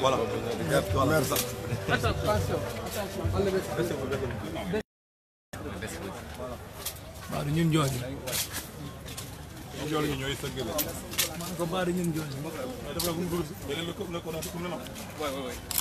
Voilà. Merci. Attention, attention. Baru ñun jox ñu.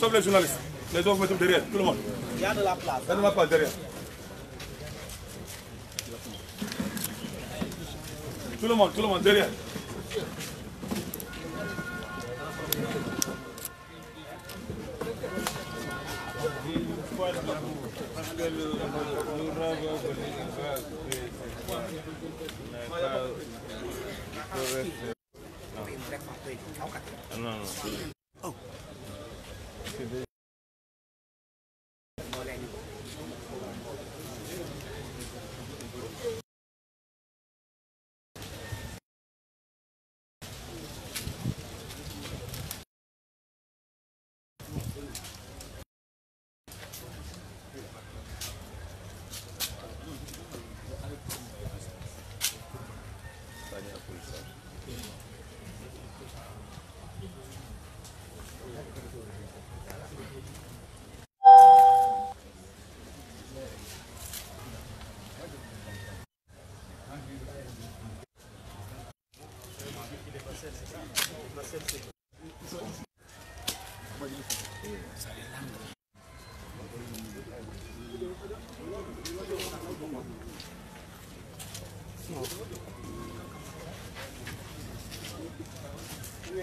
Sauf les journalistes. Les autres, mettez derrière, tout le monde. Il y a de la place. Il y a de la place derrière. Tout le monde, tout le monde, derrière. Thank you. Não, não.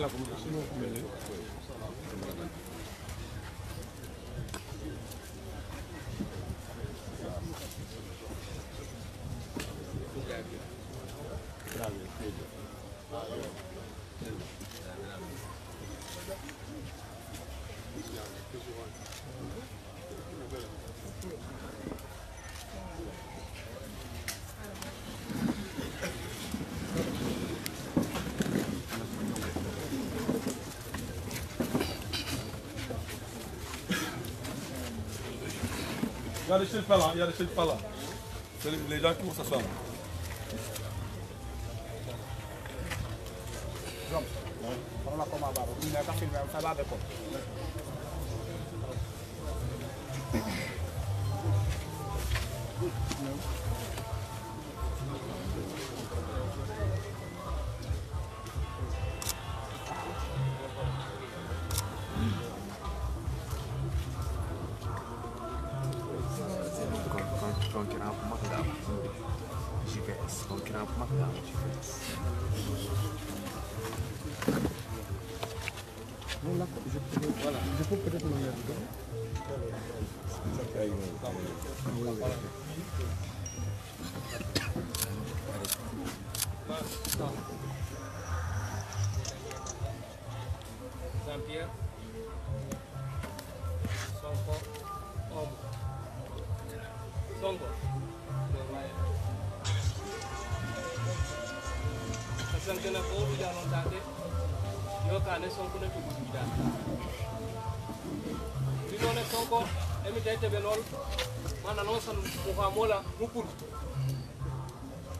la comunicación Já deixa ele falar, já deixa ele falar. Ele já conversação. Tá Vamos. Vamos lá com a barba. O menino é café, vai lá depois. Voilà, je peux peut-être me le dire. Mamola Mukuru.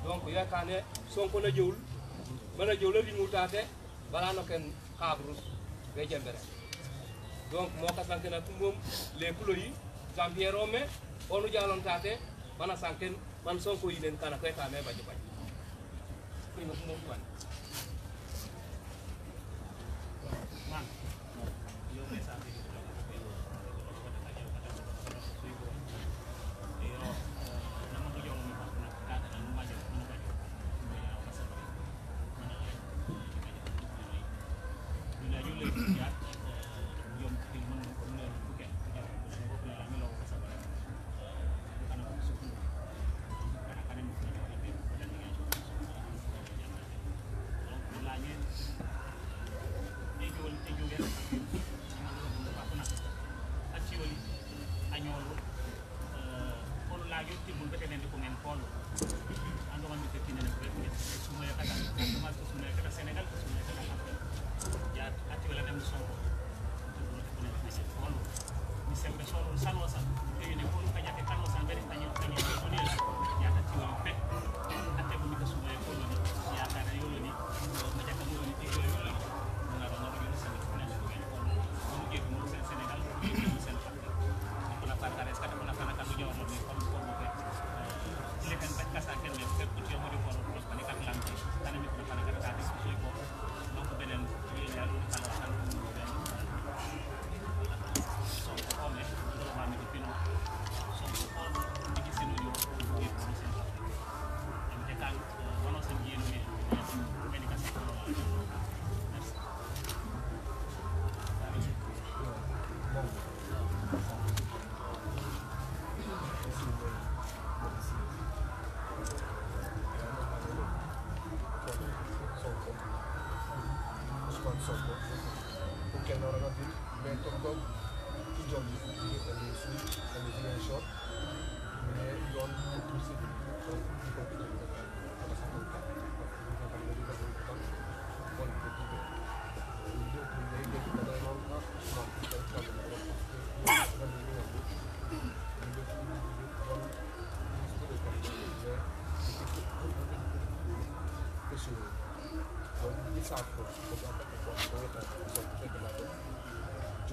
donc yakane sonko na jewul bana jewla limu tate bala no ken kabru be jembere donc mo ka sankena tumum le kulo yi zambiero me onu jalon tate bana sanken man sonko yi len kana ko ta me baji baji ko mo ko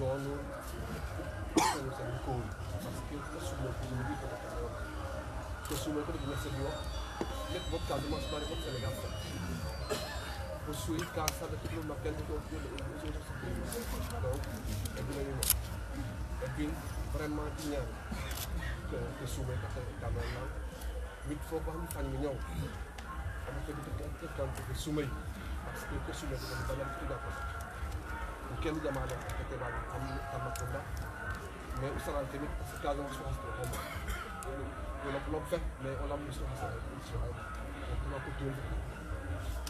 Jolo senza di cui maschio sulle punti per che sulle per di essere io le vodka di mas mare forse le gatta o su il casa da tutto ma pianto che ho più le uso no e quindi no e quindi vraiment tignan che che sulle casa da camera mit fo bahmi fan la kenn jamaada fekkee baa ngi am Tambacounda mais Ousseyn tamit parce que Casamance su xas la xaw ma loolu loolu fekk mais on a mis su xas la émission ay donc on a ko tuur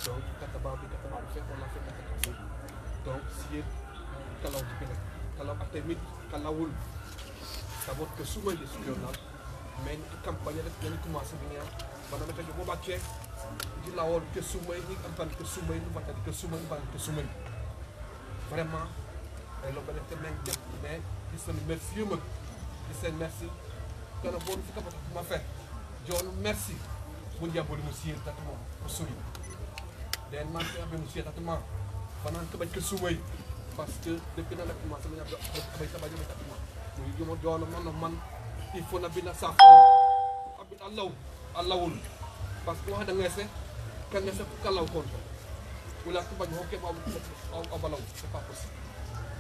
donc katabaa bi katabaa bi fekk on a fait katabaa bi donc si yéen kalaw ci keneen kalaw ak tamit kalawul sabote que suma di lawoon que sumay ñi campagne que sumay ñu bàccee sumay ñu bàccee sumay vraiment lokalite men def mais isen mercier mag isen merci kono boon fika bata kuma fe jooni merci mun jabboli mo siyel tatuma ko soyi nden man ko amɓe mo siya tatuma fanan keɓaƴ ko sumoy parce que depuis nana commencé mo ñaɓe aɓay taɓaƴe ɓe tatuma mo yomo joono man no man il faut nabina saf aɓɓit allaw allawol par ce que waxda ngese ka ngese ko kalaw kon wala ku bañ hokke ba obalaw c'est pas possible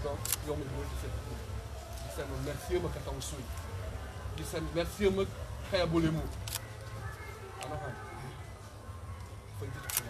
donc yomb ñu ci seen di seen merci ma ka que suuy di seen merci ma kaya bolemu ana xam fa jitt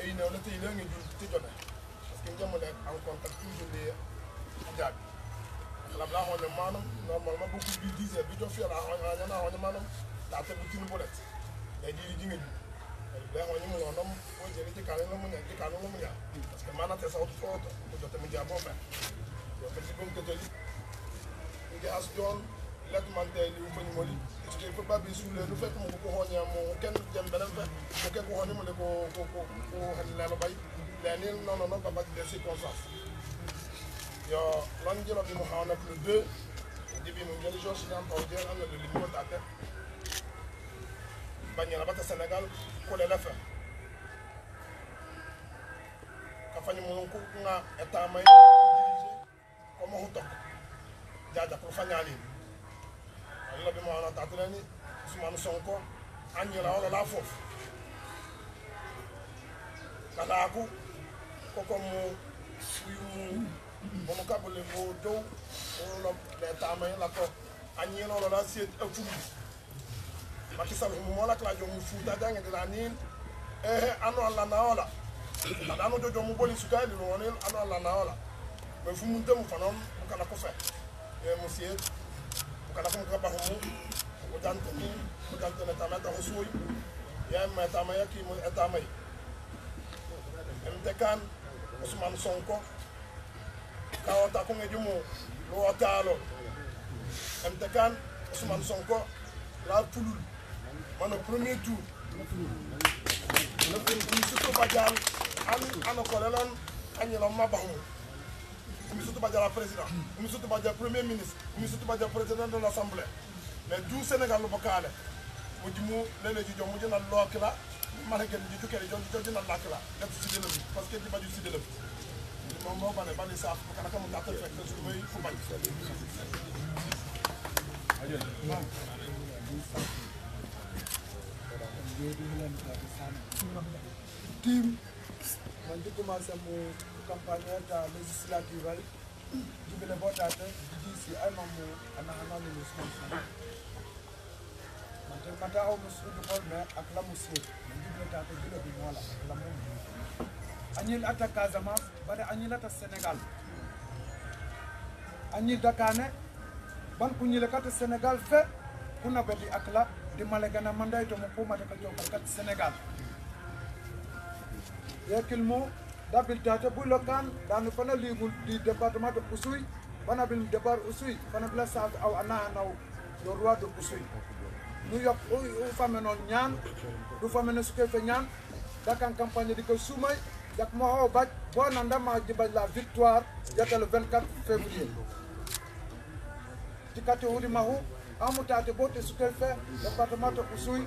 Et eyine olete ile ngi ju ti jone parce que ngi mo nek en contact toujours les gens. Je bla ho ne manam normalement beaucoup bi vidéos bi do fi la ho ne na ho ne manam la te bu tinu bolet e di di ngi ju bla ho ni mo no nom o je ti kale no mo ne ti kale no mo ya parce que mana te sa o to o to te mo ja bo me yo pe ti bon ke to li ngi as black man tey li ko ni moli ci ko ba bi suule lu fekk mo ko hoñe mo kenn dem benam fa ko kenn ko hoñe mo ko ko ko ko halala la bay dani non non non ba bak des circonstances yo lan jelo bi mo xawna plus 2 dibi mo ngel jo ci am pawde am na li mo tata bañu la ba ta senegal ko le la fa ka fañu mo ko nga état may ko mo tok jaja ko fañalini ale bɛ maana tatɛlɛ ni sumani sɔnkɔ an yɛrɛ yɔrɔ la fɔ kalaaku kɔkɔ mu suyu mu bɔnɔ ka bolo mo dɔw o lɔ bɛ taama yɛlɛ kɔ an yɛrɛ yɔrɔ la se ɛtu makisa lu mɔla kila jɔ mu futa jange de la ni ɛhɛ anu ala na yɔ la kana anu jɔjɔ mu boli suka yɛ lilo wɔni anu ala na yɔ la mɛ fumu tɛ mu fana mu kana kɔfɛ ɛ musie. kana fun ka bahumu o ya ma tama ya ki mo tama yi em de kan Ousmane Sonko pulul mano premier tour le an an ko Oumissoutou Badiara président Oumissoutou Badiara premier ministre Oumissoutou Badiara président de l'Assemblée mais du Sénégal lo bokkaale mo jimu lele jijo mo jina lookila maleken jiju kene jo jijo jina lakila det sidelo bi parce que di baju sidelo bi moom moo bane bani saaf bu kanaka mo dakkal fekk su may fu bañ team man di commencé mo campagnata législatival jibine bootate diisi almamu ana hanani musuusu mante mata aw musuudu kolme ak lamu seet min jibinetake jilobi moola ak lamu añil atta casamance bare añil atta sénégal añil dakane ban kuñile kata sénégal fe kuna bedi akla di malegana manday to mo kumata ka jokal sénégal yekil mo habilitate ɓuylo local dans le panel du département de ousuy fana bil départ ousuy fana bila sage aw a naha naw le roi de ousuy nu yok u fame noon ñaan du fame no sukoy fe ñaan dakan campagne de ko suumay yak moho bac la victoire yetta le 24 février jikati hudi mahu amutate bo te sukoy fe département de ousuy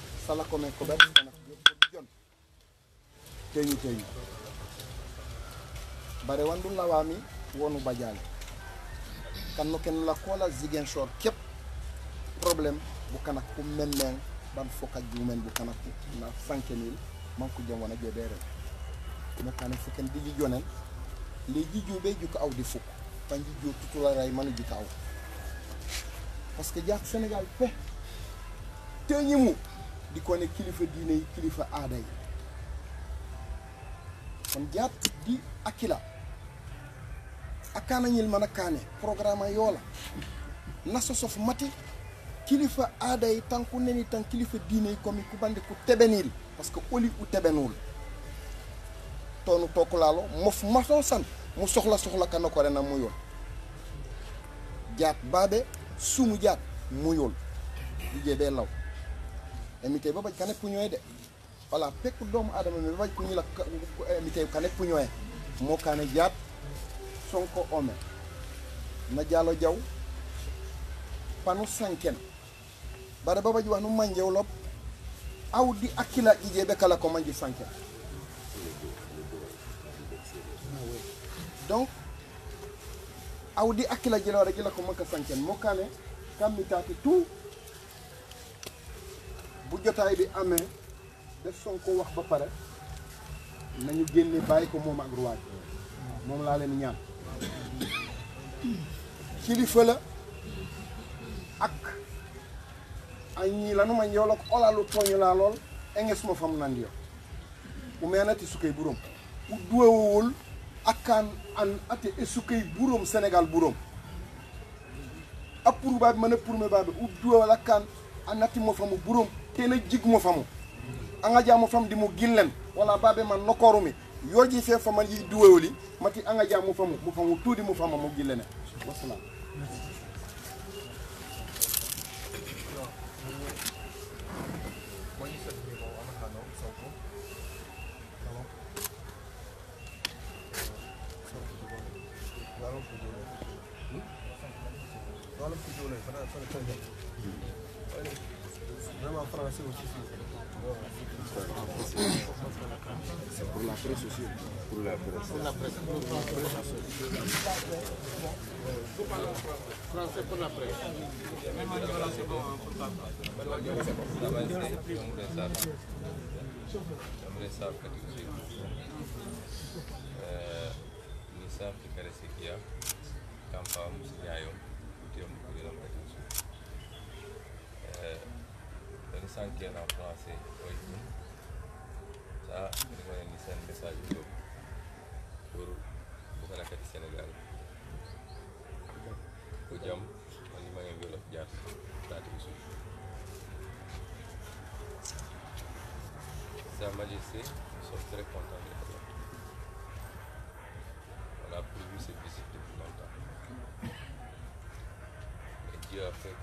la ko ɓen kono jon teñu teñu bare wan ɗum lawami wonu badiali kanno ken lakkola ziguinchor keb probléme bo kanakku men men ɓan foka jumen bo kanakku na sankenil manko jam wona joɓeren ɗum kanen fo ken diji jonen ley jijuɓe juka awdi fo tan jijo tutolara e mano juka aw par ce que jaak sénégal pe teñimu di ko ne kilifa diine yi kilifa aada yi kon jàpp di akila akkaana ñil mën a kaane programme yoo la nasa sof mati kilifa aada yi tan ku neni tan kilifa diine yi komi ku bandi ku tebeniri parce que oli u tebenuul toonu tokkulaalo mof maton mu soxla soxla kana ko rena muyool jaat baabe sumu jaat muyool jigéen bee law emite babaj kane puñoye de walla pekku doomu adama mi ka puñila emite kane puñoye mo kane jaat sonko ome na jaalo jaw panu sanken bara babaj wahnu manjew lob awdi hakkila ƴiƴe ɓe kala ko manji sanken donc awdi hakkila jilawre gila ko manka sanken mo kane kammitaki tout bu jotaay bi amee def Sonko wax ba nañu génne bàyyi ko moom ak ruwaay moom laa leen ñaan kilifa la ak ay ñii lanu ma yow la ko olalu tooñu laa lool enges mo fam nandiyo umeenati an ate e sukkay buróom sénégal buróom appuru baabi mën a pourme baabi an atti mo famu tena jigmo famu anga jamu fam dimu gillen wala babe man nokorumi yoji fe famal yi duwoli mati anga jamu famu mu famu tudi mu famu mu gillene wassalam Dalam video hmm? C'est pour la presse aussi. Por la presse. por la presse. por la presse. Français por la presse. Eh, cinquième en français mooy ñun ça ma leen ni seen message bi boobu pour bu ko nekkati Sénégal ku jam man li ma ngeen jaar Sa Majesté nous sommes très contents d'être là on a prévu cette visite depuis a fait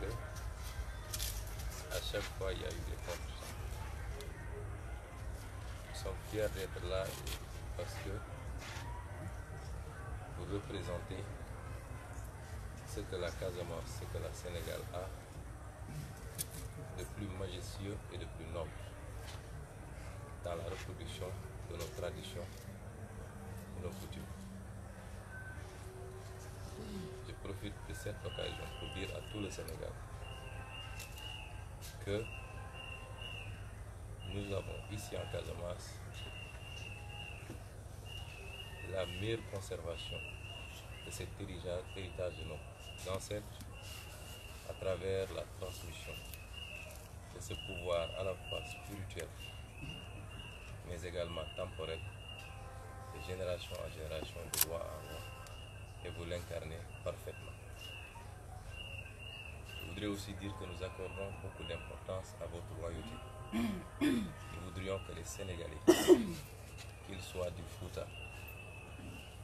à chaque fois, il y a eu des comptes. Nous sommes fiers d'être là parce que vous représentez ce que la Casamance, ce que la Sénégal a de plus majestueux et de plus noble dans la reproduction de nos traditions, de nos coutumes. Je profite de cette occasion pour dire à tout le Sénégal nous avons ici en cas masse la meilleure conservation de cet héritage de nos ancêtres à travers la transmission de ce pouvoir à la fois spirituel mais également temporel de génération en génération, de roi en roi et vous l'incarnez parfaitement voudrais aussi dire que nous accordons beaucoup d'importance à votre royauté. Nous voudrions que les Sénégalais, qu'ils soient du Fouta,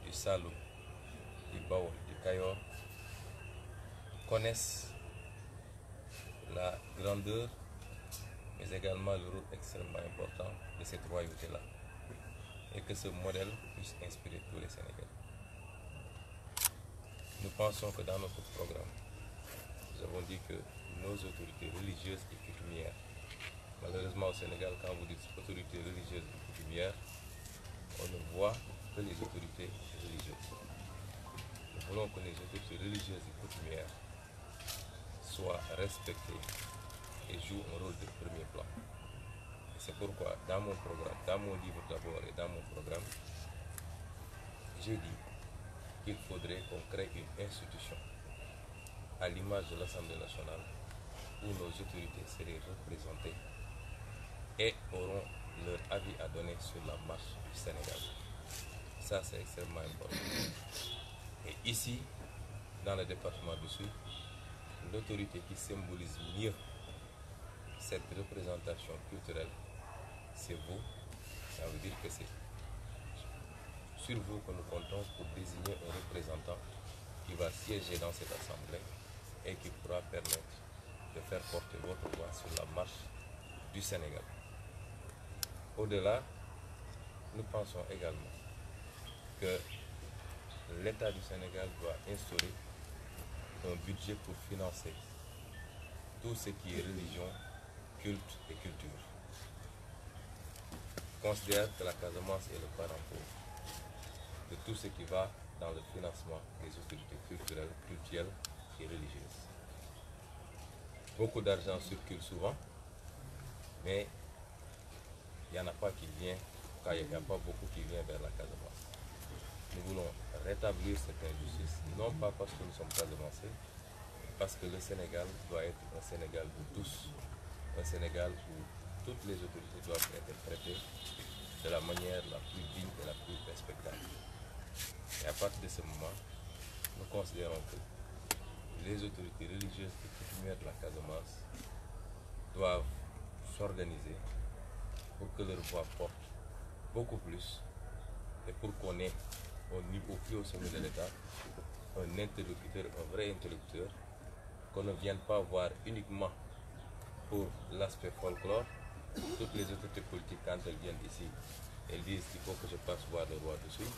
du Salou, du Baou, du Kayor, connaissent la grandeur, mais également le rôle extrêmement important de cette royauté-là. Et que ce modèle puisse inspirer tous les Sénégalais. Nous pensons que dans notre programme, nous avons dit que nos autorités religieuses et coutumières, malheureusement au Sénégal, quand vous dites autorités religieuses et coutumières, on ne voit que les autorités religieuses. Nous voulons que les autorités religieuses et coutumières soient respectées et jouent un rôle de premier plan. C'est pourquoi dans mon programme, dans mon livre d'abord et dans mon programme, j'ai dit qu'il faudrait qu'on crée une institution à l'image de l'Assemblée nationale, où nos autorités seraient représentées et auront leur avis à donner sur la marche du Sénégal. Ça, c'est extrêmement important. Et ici, dans le département du Sud, l'autorité qui symbolise mieux cette représentation culturelle, c'est vous. Ça veut dire que c'est sur vous que nous comptons pour désigner un représentant qui va siéger dans cette assemblée et qui pourra permettre de faire porter votre voix sur la marche du Sénégal. Au-delà, nous pensons également que l'État du Sénégal doit instaurer un budget pour financer tout ce qui est religion, culte et culture. Considère que la Casamance est le parent pauvre de tout ce qui va dans le financement des sociétés culturelles, culturelles religieuse. Beaucoup d'argent circule souvent, mais il n'y en a pas qui vient, il n'y a pas beaucoup qui vient vers la Casamance. Nous voulons rétablir cette injustice, non pas parce que nous sommes pas mais parce que le Sénégal doit être un Sénégal pour tous, un Sénégal où toutes les autorités doivent être traitées de la manière la plus digne et la plus respectable. Et à partir de ce moment, nous considérons que les autorités religieuses et coutumières de la Casamance doivent s'organiser pour que leur voix porte beaucoup plus et pour qu'on ait au, niveau, au plus haut sommet de l'État un interlocuteur, un vrai interlocuteur, qu'on ne vienne pas voir uniquement pour l'aspect folklore. Toutes les autorités politiques, quand elles viennent ici, elles disent qu'il faut que je passe voir le roi dessus.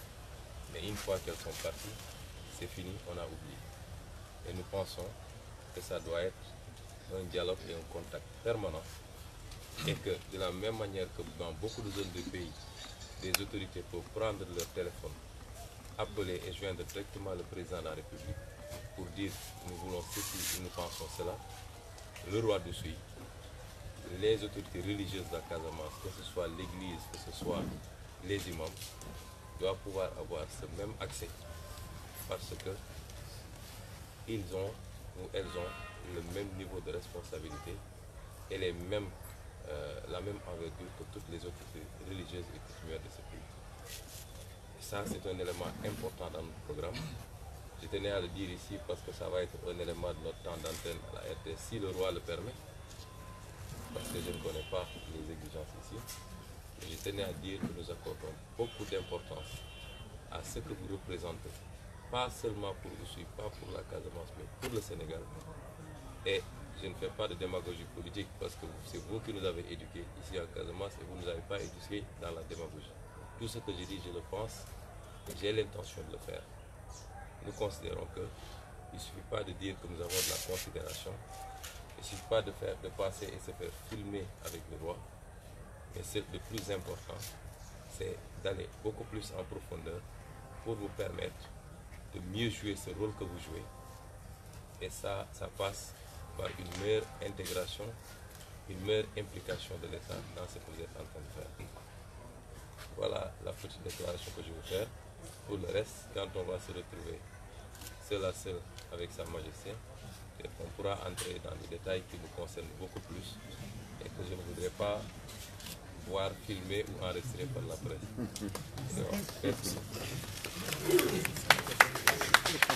Mais une fois qu'elles sont parties, c'est fini, on a oublié. Et nous pensons que ça doit être un dialogue et un contact permanent. Et que de la même manière que dans beaucoup de zones du pays, des autorités peuvent prendre leur téléphone, appeler et joindre directement le président de la République pour dire nous voulons ceci, nous pensons cela. Le roi de suit, les autorités religieuses de la que ce soit l'église, que ce soit les imams, doivent pouvoir avoir ce même accès parce que ils ont ou elles ont le même niveau de responsabilité et les mêmes, euh, la même envergure que toutes les autres religieuses et coutumières de ce pays. ça, c'est un élément important dans notre programme. Je tenais à le dire ici parce que ça va être un élément de notre temps d'antenne à la si le roi le permet, parce que je ne connais pas les exigences ici. Je tenais à dire que nous accordons beaucoup d'importance à ce que vous représentez pas seulement pour suis pas pour la Casamance, mais pour le Sénégal. Et je ne fais pas de démagogie politique parce que c'est vous qui nous avez éduqués ici à Casamance et vous ne nous avez pas éduqués dans la démagogie. Tout ce que je dis, je le pense, et j'ai l'intention de le faire. Nous considérons que il ne suffit pas de dire que nous avons de la considération, il ne suffit pas de, faire, de passer et se faire filmer avec le roi, mais c'est le plus important, c'est d'aller beaucoup plus en profondeur pour vous permettre de mieux jouer ce rôle que vous jouez. Et ça, ça passe par une meilleure intégration, une meilleure implication de l'État dans ce que vous êtes en train de faire. Voilà la petite déclaration que je vais faire. Pour le reste, quand on va se retrouver seul à seul avec Sa Majesté, on pourra entrer dans les détails qui nous concernent beaucoup plus et que je ne voudrais pas voir filmer ou enregistrer par la presse. Gracias.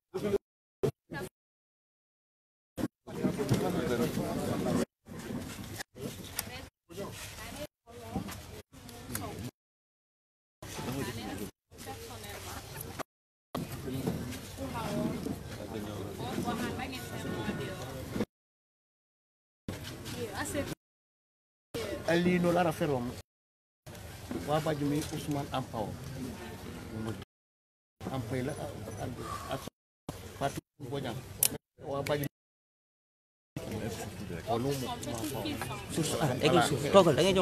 no lara ferom wabaji mi usman ampaw ampay la fatu bojan wabaji volume source a da ngay togal da ngay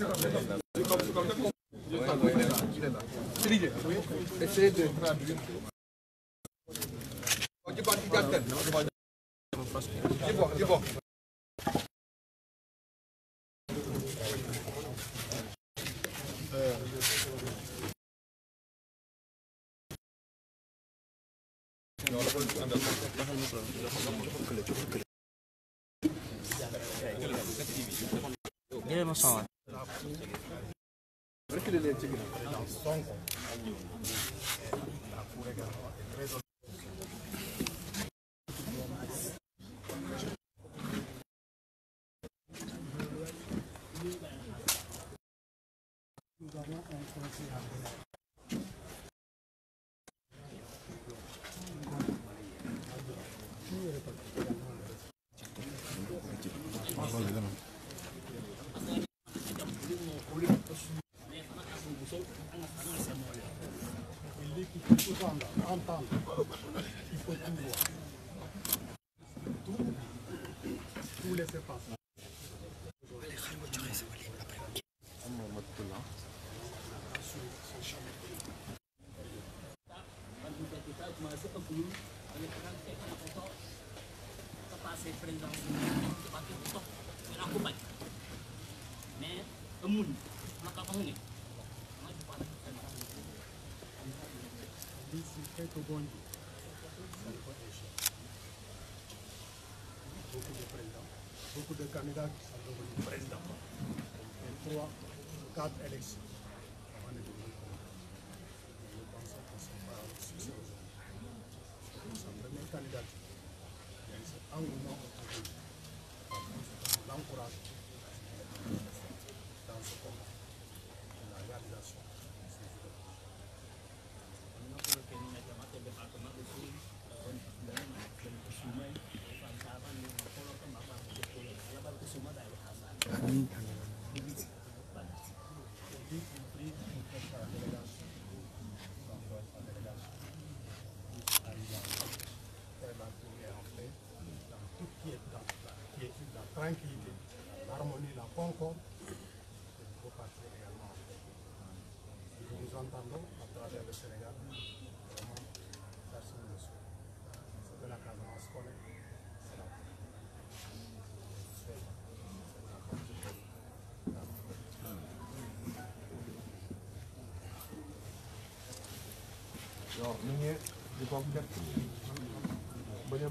debaixo de até. De boca, de boca. Gel masama. 이렇게 되네 지금. 그래서 40 ans. Il faut tout voir. Tout, tout laisser passer. ugonjwa beaucoup de présidents, beaucoup de candidats qui sont devenus présidents. trois, quatre élections. plateforme que vous passer également. Nous nous entendons à travers le Sénégal, vraiment, personne ne suit. C'est de la cadence scolaire. C'est la Alors, nous, nous, nous, nous,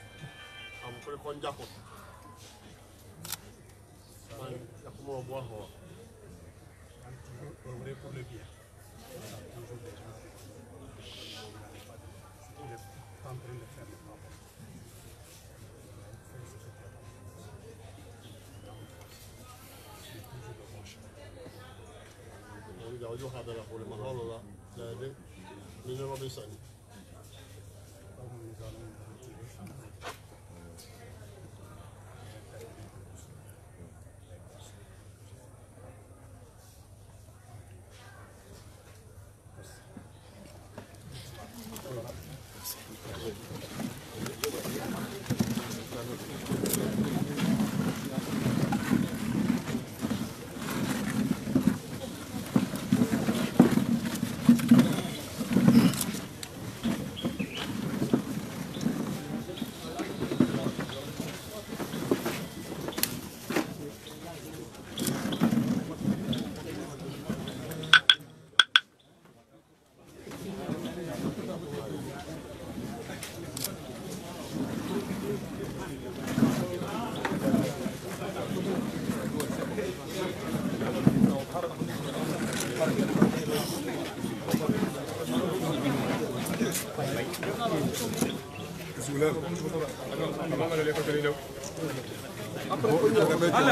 omukuleko njako yakuma obwaho ولد عدوها بلا قول محاولة لا لا من ربي سني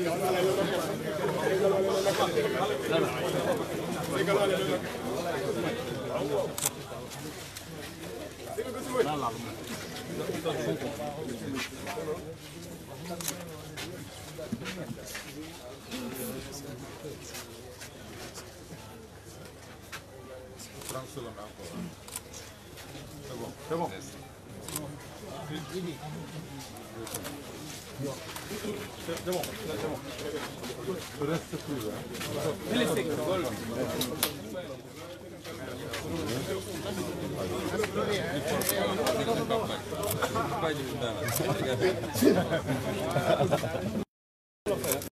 Frank s u l bom. É b o جمع جمع ثلاثة كوزة ثلاثة